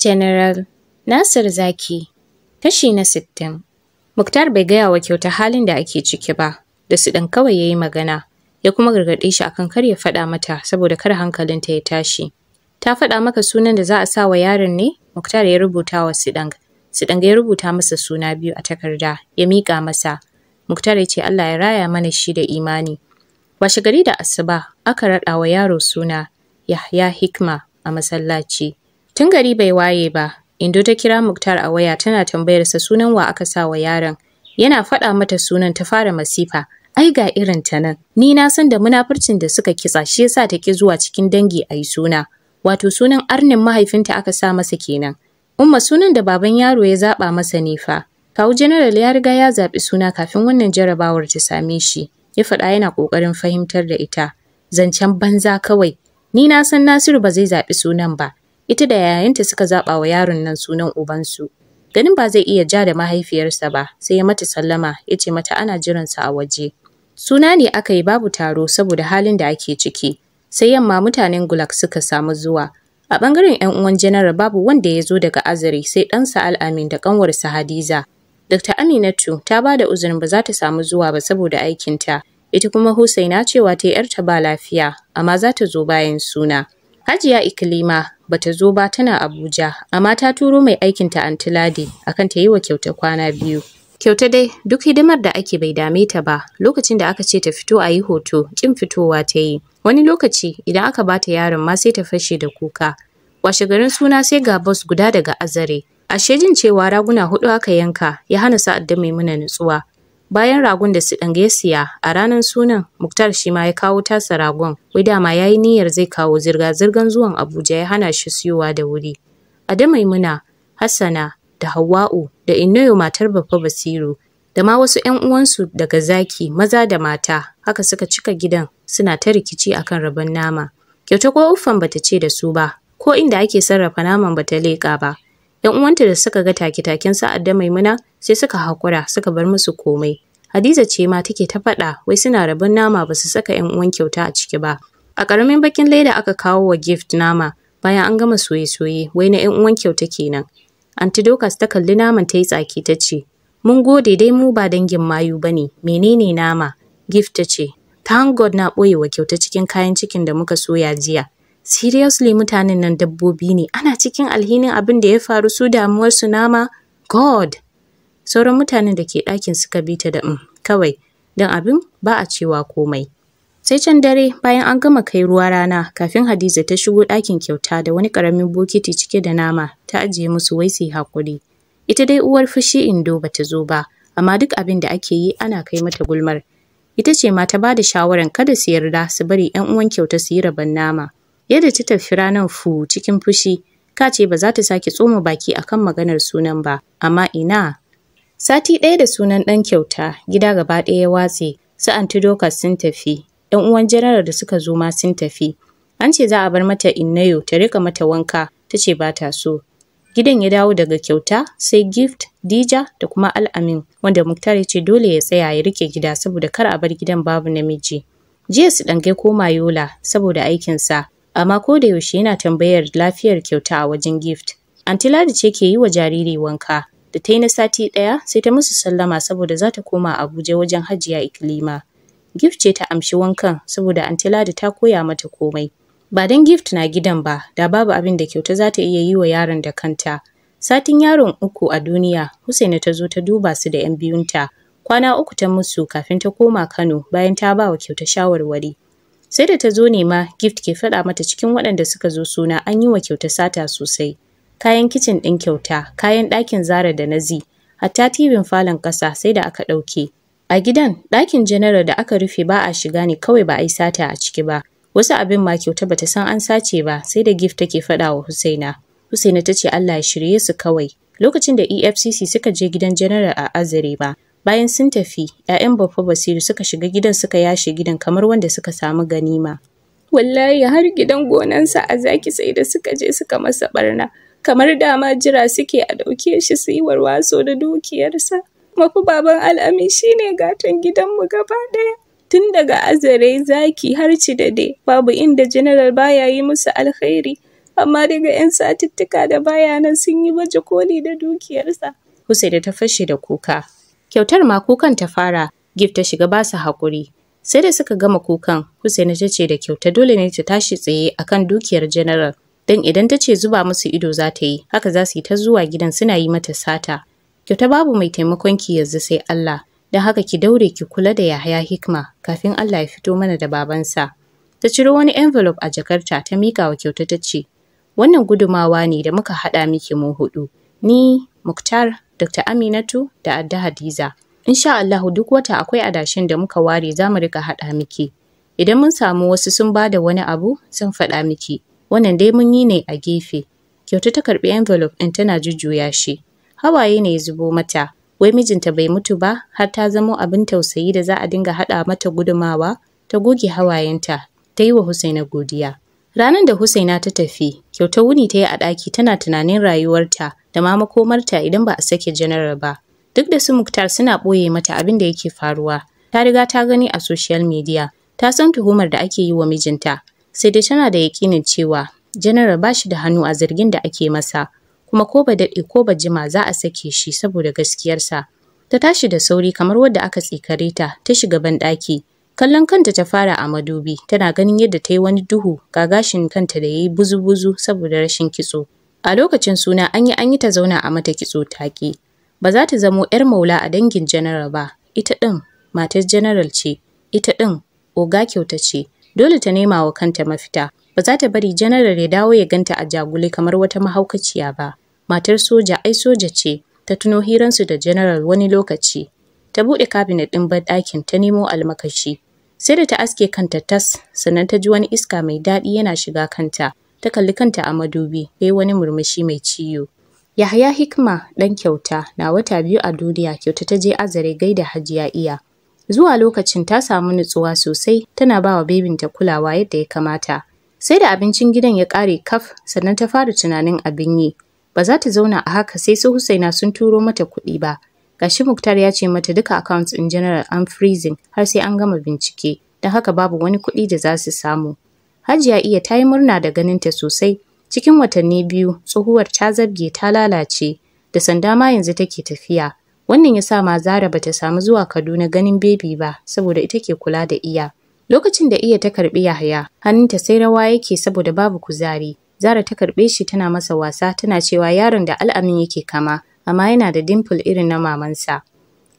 General Nasir Zaki, kashi na sittin. Muktar bai gaya wa kyauta halin da ake ciki ba, da su ɗan kawai ya yi magana, ya kuma gargaɗe shi akan kar ya faɗa mata saboda kar hankalinta ya tashi. Ta faɗa maka sunan da za a sa wa yaron ne? Muktar ya rubuta wa Sidang. Sidang ya rubuta masa suna biyu a takarda, ya miƙa masa. Muktar ya ce Allah ya raya mana shi da imani. Washe gari da asuba, aka raɗa wa yaro suna Yahya Hikma a masallaci. Tun gari bai waye ba, Indo ta kira Muktar a waya tana tambayarsa sunan wa aka sa wa yaron. Yana faɗa mata sunan ta fara masifa. Ai ga irin ta nan, ni na san da munafurcin da suka kitsa shi yasa ta ki zuwa cikin dangi a yi suna. Wato sunan arnin mahaifinta aka sa masa kenan. Umma sunan da baban yaro ya zaɓa masa ne fa. Kawu General ya riga ya zaɓi suna kafin wannan jarabawar ta same shi. Ya faɗa yana ƙoƙarin fahimtar da ita. Zancen banza kawai. Ni na san Nasiru ba zai zaɓi sunan ba. ita da yayanta suka zaɓa wa yaron nan sunan ubansu. Ganin ba zai iya ja da mahaifiyarsa ba, sai ya mata sallama, ya ce mata ana jiransa a waje. Suna ne aka yi babu taro saboda halin da ake ciki, sai yamma mutanen Gulak suka samu zuwa. A ɓangaren 'yan uwan Janaral babu wanda ya zo daga Azare sai ɗansa Al'amin da ƙanwarsa Hadiza. Dr. Aminatu ta ba da uzurin ba za ta samu zuwa ba saboda aikinta, ita kuma Husaina cewa ta yi yarta ba lafiya, amma za ta zo bayan suna. Hajiya Ikilima bata zo ba tana Abuja, amma ta turo mai aikinta a akan ta yi wa kyauta kwana biyu. Kyauta dai duk hidimar da ake bai dame ta ba lokacin da aka ce ta fito a yi hoto kin fitowa ta yi. Wani lokaci idan aka bata yaron ma sai ta fashe da kuka. Washe garin suna sai ga bus guda daga Azare. Ashe jin cewa raguna hudu aka yanka ya hana sa'ad da maimuna nutsuwa. Bayan ragon da su ɗanga siya a ranar sunan Muktar shi ma ya kawo tasa ragon wai dama ya yi niyyar zai kawo zirga-zirgan zuwan Abuja ya hana shi siyowa da wuri. A da Maimuna, Hassana da Hawa'u, da Inoyo matar Baffa Basiru da ma wasu 'yan uwansu daga zaki maza da mata haka suka cika gidan suna ta rikici akan rabon nama. Kyauta ko uffan bata ce da su ba ko inda ake sarrafa naman bata leƙa ba. Yan uwanta da suka ga take-taken sa'ad da Maimuna sai suka haƙura suka bar musu komai. Hadiza ce ma take ta faɗa wai suna rabon nama ba su saka yan uwan kyauta a ciki ba. A ƙaramin bakin leda aka kawo wa gift nama bayan an gama soye-soye wai na yan uwan kyauta kenan. Anti Dokas ta kalli naman ta yi tsaki ta ce, Mun gode dai mu ba dangin mayu ba ne, menene nama? Gift ta ce, Thank God na ɓoye wa kyauta cikin kayan cikin da muka soya jiya. Seriously mutanen nan dabbobi ne, ana cikin alhinin abin da ya faru su damuwarsu nama, God! Sauran mutanen da ke ɗakin suka bi ta da um, kawai, don abin ba a cewa komai. Sai can dare bayan an gama kai ruwa rana kafin Hadiza ta shigo ɗakin kyauta da wani ƙaramin bokiti cike da nama ta ajiye musu wai su haƙuri. Ita dai uwar fushi Indo bata zo ba, amma duk abin da ake yi ana kai mata gulmar. Ita ce ma ta bada shawaran kada su yarda su bari ‘yan uwan kyauta su yi rabon nama. Yadda ta tafi ranar fu cikin fushi, ka ce ba za ta sake tsoma baki akan maganar sunan ba, amma ina. Sati ɗaya da sunan ɗan kyauta, gida gaba ɗaya ya watse, su Antidokas sun tafi, ‘yan uwan janarar da suka zo ma sun tafi. An ce za a bar mata Innayo ta rika mata wanka, ta ce ba ta so. Gidan ya dawo daga kyauta sai Gift, Dija da kuma Al'amin, wanda Muktar ya ce dole ya tsaya ya rike gida saboda kar a bar gidan babu namiji. Jiya su ɗangai koma Yola saboda aikinsa, amma ko da yaushe yana tambayar lafiyar kyauta a wajen gift. Anti Ladi ce ke yi wa jariri wanka, da ta yi na sati ɗaya sai ta musu sallama saboda za ta koma Abuja wajen Hajiya Ikilima. Gift ce ta amshi wankan saboda Anti Ladi ta koya mata komai. Ba don gift na gidan ba, da babu abin da kyauta za ta iya yi wa yaron da kanta. Satin yaron uku a duniya, Husaina ta zo ta duba su da 'yan biyunta. Kwana uku ta musu kafin ta koma Kano bayan ta ba wa kyauta shawarwari. Sai da ta zo nema gift ke faɗa mata cikin waɗanda suka zo suna an yi wa kyauta sata sosai. Kayan kicin ɗin kyauta, kayan ɗakin Zara da Nazi, hatta tibin falon ƙasa sai da aka ɗauke. A gidan, ɗakin janara da aka rufe ba a shiga ne kawai ba a yi sata a ciki ba. Wasu abin ma kyauta bata san an sace ba sai da gift take faɗa wa Husaina. Husaina ta ce Allah ya shirye su kawai. Lokacin da EFCC suka je gidan janaral a Azare ba, Bayan sun tafi, ‘ya'yan Baffa Basiru suka shiga gidan suka yashe gidan kamar wanda suka samu ganima. Wallahi har gidan gonansa a zaki sai da suka je suka masa barna, kamar dama jira suke a ɗauke shi su yi warwaso da dukiyarsa. Mafi baban al'amin shi ne gatan gidanmu gaba ɗaya. Tun daga azare zaki har ci da dai babu inda general baya yi musu alkhairi. amma daga 'yan satuttuka da bayanan sun yi baje koli da dukiyarsa. Husaida ta fashe da kuka, Kyautar ma kukan ta fara, Gif ta shiga ba su haƙuri. Sai da suka gama kukan, Husaini ta ce da kyauta dole ne ta tashi tsaye a kan dukiyar General. Don idan ta ce zuba musu ido za ta yi, haka za su yi ta zuwa gidan suna yi mata sata. Kyauta babu mai taimakon ki yanzu sai Allah. Don haka ki daure ki kula da Yahaya Hikma kafin Allah ya fito mana da babansa. Ta ciro wani envelope a jakarta ta mika wa kyauta ta ce, Wannan gudumawa ne da muka haɗa miki mu huɗu. Ni Muktar, Dr. Aminatu da Adda Hadiza. Insha Allahu duk wata akwai adashin da muka ware za mu rika haɗa miki. Idan mun samu wasu sun ba da wani abu, sun faɗa miki. Wannan dai mun yi ne a gefe. Kyauta ta karɓi envelope ɗin tana jujjuya shi. Hawaye ne ya zubo mata. Wai mijinta bai mutu ba, har ta zamo abin tausayi da za a dinga haɗa mata gudumawa, ta goge hawayenta, ta yi wa Husaina godiya. Ranar da Husaina ta tafi, Kyauta wuni ta yi a ɗaki tana tunanin rayuwarta da ma makomarta idan ba a sake General ba. Duk da su Muktar suna ɓoye mata abin da yake faruwa. Ta riga ta gani a social media. Ta san tuhumar da ake yi wa mijinta. Sai dai tana da yaƙinin cewa janarar ba shi da hannu a zargin da ake masa. Kuma ko ba daɗe ko ba jima za a sake shi saboda gaskiyarsa. Ta tashi da sauri kamar wadda aka tsikare ta ta shiga banɗaki. Kallon kanta ta fara a madubi, tana ganin yadda ta yi wani duhu ga gashin kanta da ya yi buzu-buzu saboda rashin kitso. A lokacin suna an yi an yi ta zauna a mata kitso take. Ba za ta zamo 'yar maula a dangin general ba, ita ɗin matar general ce, ita ɗin oga kyauta ce, dole ta nema wa kanta mafita. Ba za ta bari general ya dawo ya ganta a jagule kamar wata mahaukaciya ba. Matar soja ai soja ce, ta tuno hiransu da general wani lokaci. ta buɗe kabinet ɗin ɗakin ta nemo almakashi. Sai da ta aske kanta tas, sannan ta ji wani iska mai daɗi yana shiga kanta. Ta kalli kanta a madubi, sai wani murmushi mai ciwo. Yahaya Hikma ɗan kyauta na wata biyu a duniya kyauta ta je azare gaida Hajiya Iya. Zuwa lokacin ta samu nutsuwa sosai tana ba wa ta kulawa yadda ya kamata. Sai da abincin gidan ya ƙare kaf sannan ta fara tunanin abin yi. Ba za ta zauna a haka sai su Husaina sun turo mata kuɗi ba. Gashi Muktar ya ce mata duka accounts in general an freezing har sai an gama bincike, don haka babu wani kuɗi da za su samu. Hajiya iya ta yi murna da ganinta sosai, cikin watanni biyu tsohuwar ta zabge ta lalace, da sanda ma yanzu take tafiya. Wannan ya sa ma Zara bata samu zuwa Kaduna ganin bebi ba, saboda ita ke kula da iya. Lokacin da iya ta karɓi Yahaya, hannunta sai rawa yake saboda babu kuzari. Zara ta karɓe shi tana masa wasa tana cewa yaron da al'amin yake kama. amma yana da dimple irin na mamansa.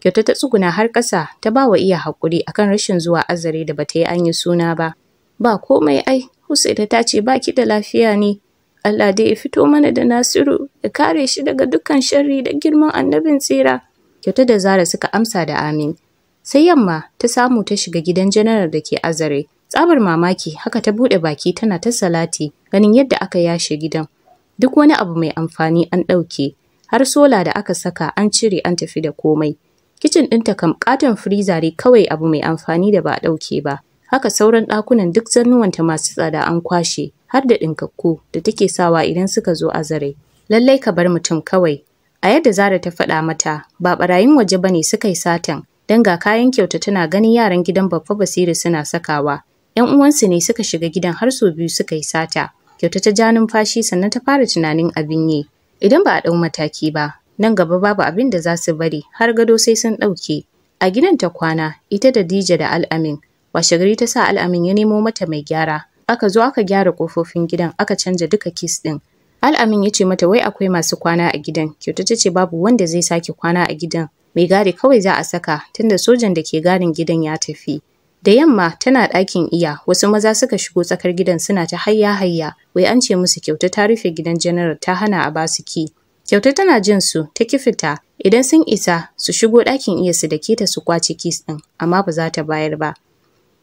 Kyauta ta tsuguna har ƙasa ta ba wa iya haƙuri akan rashin zuwa azare da bata yi an yi suna ba. Ba komai ai, Husaina ta ce ba ki da lafiya ne. Allah dai ya fito mana da Nasiru ya kare shi daga dukkan sharri da girman annabin tsira. Kyauta da Zara suka amsa da amin. Sai yamma ta samu ta shiga gidan janar da ke azare. Tsabar mamaki haka ta buɗe baki tana ta salati ganin yadda aka yashe gidan. Duk wani abu mai amfani an ɗauke. har sola da aka saka an cire an tafi da komai. Kicin ɗinta kam katon firiza kawai abu mai amfani da ba a ɗauke ba. Haka sauran ɗakunan duk zannuwanta masu tsada an kwashe, har da ɗinkakku da take sawa idan suka zo azare. Lallai ka bar mutum kawai. A yadda Zara ta faɗa mata, ba ɓarayin waje ba ne suka yi satan, don ga kayan kyauta tana ganin yaran gidan babba Basiru suna sakawa. 'Yan uwansu ne suka shiga gidan har sau biyu suka yi sata. Kyauta ta ja numfashi sannan ta fara tunanin abin yi. Idan ba a ɗau mataki ba, nan gaba babu abin da za su bari har gado sai sun ɗauke. A gidan ta kwana, ita da Dija da Al'amin, washegari ta sa Al'amin ya nemo mata mai gyara. Aka zo aka gyara ƙofofin gidan aka canja duka kis ɗin. Al'amin ya ce mata wai akwai masu kwana a gidan, kyauta ta ce babu wanda zai sake kwana a gidan. Mai gadi kawai za a saka tunda sojan da ke gadin gidan ya tafi. Da yamma tana ɗakin iya, wasu maza suka shigo tsakar gidan suna ta hayya hayya, wai an ce musu kyauta ta rufe gidan janaral ta hana a ba su ki. Kyauta tana jin su, ta kifita, idan sun isa su shigo ɗakin iya su da ta su kwace kis ɗin, amma ba za ta bayar ba.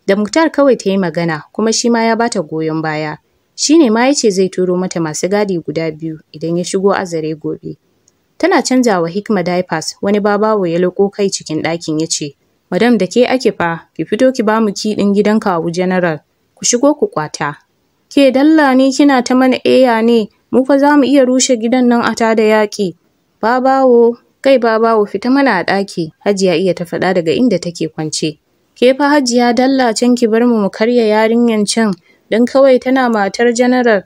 Da Muktar kawai ta yi magana, kuma shi ma ya ba ta goyon baya. Shi ne ma ya ce zai turo mata masu gadi guda biyu idan ya shigo azare gobe. Tana wa Hikma diapers, wani babawo ya loko kai cikin ɗakin ya ce, Madam da ke ake fa, ki fito ki bamu ki din gidan kawu general, ku shigo ku kwata. Ke dalla ne kina ta mana eya ne, mu fa zamu iya rushe gidan nan a tada yaƙi. Babawo, kai babawo fita mana a ɗaki, hajiya iya ta faɗa daga inda take kwance. Ke fa hajiya dalla can ki bar mu mu karya yarinyan can, don kawai tana matar general.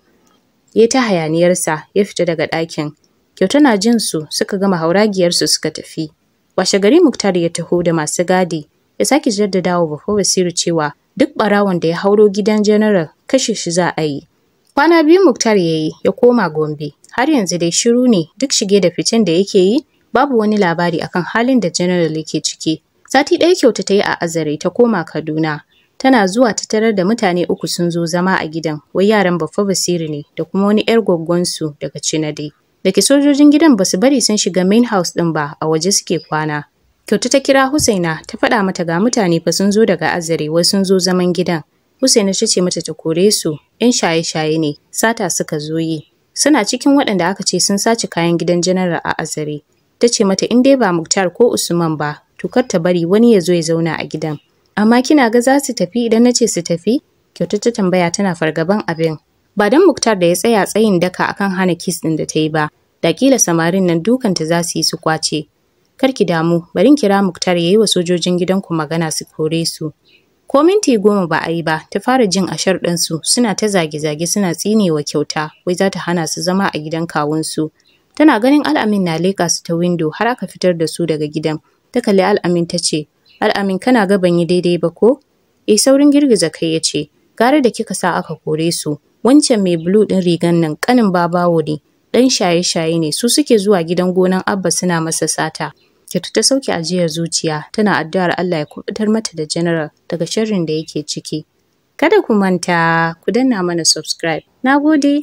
Ya ta hayaniyar sa ya fita daga ɗakin. Kyauta na jin su suka gama hauragiyarsu suka tafi. Washe gari Muktar ya taho da masu gadi ya sake jaddada wa Baffa Basiru cewa duk barawon da ya hauro gidan General kashe shi za a yi. Kwana biyu Muktar ya yi ya koma Gombe har yanzu dai shiru ne duk shige da ficen da yake yi babu wani labari akan halin da General yake ciki. Sati ɗaya kyauta ta yi a Azare ta koma Kaduna tana zuwa ta tarar da mutane uku sun zo zama a gidan wai yaran Baffa Basiru ne da kuma wani 'yar gwaggonsu daga Cinade. daki sojojin gidan basu bari sun shiga main house ɗin ba a waje suke kwana. Kyauta ta kira Husaina ta faɗa mata ga mutane fa sun zo daga Azare wai sun zo zaman gidan. Husaina ta ce mata ta kore su, ‘yan shaye-shaye ne, sata suka zo yi. Suna cikin waɗanda aka ce sun sace kayan gidan janaral a Azare. Ta ce mata in dai ba Muktar ko Usman ba, to kar ta bari wani ya zo ya zauna a gidan. Amma kina ga za su tafi idan na ce su tafi? Kyauta ta tambaya tana fargaban abin. Ba don Muktar da ya tsaya tsayin daka akan hana kis ɗin da ta yi ba, da kila samarin nan dukanta za su yi su kwace. Kar ki damu, barin kira Muktar ya yi wa sojojin gidanku magana su kore su. Ko minti goma ba a yi ba, ta fara jin a ɗansu. suna ta zage-zage suna tsinewa kyauta, wai za ta hana su zama a gidan kawunsu. Tana ganin Al'amin na leƙa su ta windo har aka fitar da su daga gidan. Ta kalli Al'amin ta ce, Al'amin kana ga ban yi daidai ba ko? Eh saurin girgiza kai ya ce, gara da kika sa aka kore su. wancan mai blue ɗin rigan nan ƙanin babawo ne, ɗan shaye-shaye ne, su suke zuwa gidan gonan Abba suna masa sata. Kyatu ta sauke ajiyar zuciya, tana addu'ar Allah ya kubutar mata da General daga sharrin da yake ciki. Kada ku manta, ku danna mana subscribe. Na gode.